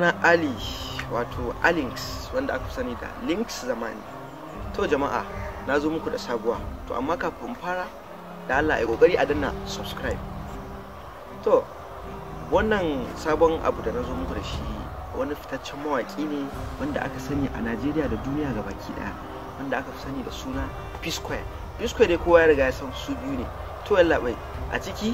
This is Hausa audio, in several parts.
na ali wato alinx wanda aka sani da links zamani to jama'a na zo muku da sabuwa to amma kafin fara da allah ya kokari a danna subscribe to wannan sabon abu da na zo muku da shi wani fitaccen mawaki ne wanda aka sani a najeriya da duniya ga baki daya wanda aka sani da suna p square p square dai kowa ya riga ya san su biyu ne to yallaɓai a ciki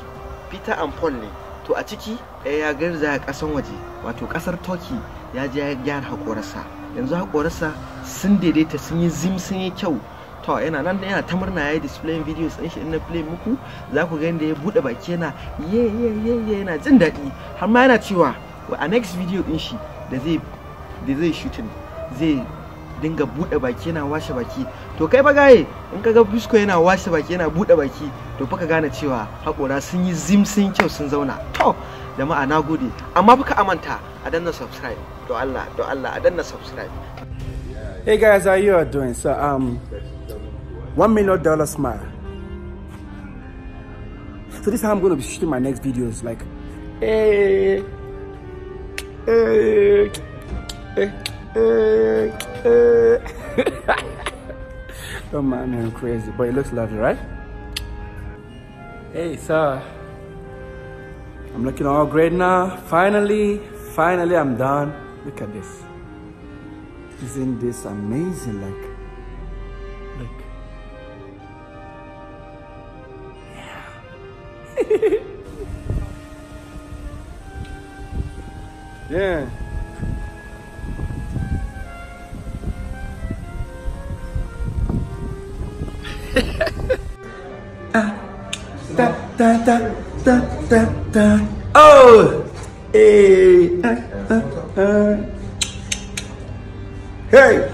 peter and paul ne to a ciki ɗaya eh, ya garza a ƙasan waje wato ƙasar turkey ya je ya gyara haƙorarsa yanzu haƙorarsa sun daidaita sun yi zim sun yi kyau to yana nan yana ta murna ya yi display videos ɗin shi na play muku za ku ga da ya buɗe baki yana ye ye ye ye yana jin daɗi har ma yana cewa a next video ɗin shi da zai da zai shooting zai dinga buɗe baki yana washe baki to kai fa gaye in kaga bisko yana washe baki yana buɗe baki to fa ka gane cewa haƙora sun yi zimsin kyau sun zauna to jama'a na gode amma fa ka amanta a danna subscribe to Allah to Allah a danna subscribe hey guys how you are doing so um one million dollar smile so this is how I'm gonna be shooting my next videos like hey eh, eh, hey eh, hey, hey. Uh, Don't mind I'm crazy, but it looks lovely, right? Hey, sir. I'm looking all great now. Finally, finally I'm done. Look at this. Isn't this amazing? Like, look. Yeah. yeah. da, da, da, da, da, da. Oh! Eh, eh, eh, hey! Hey!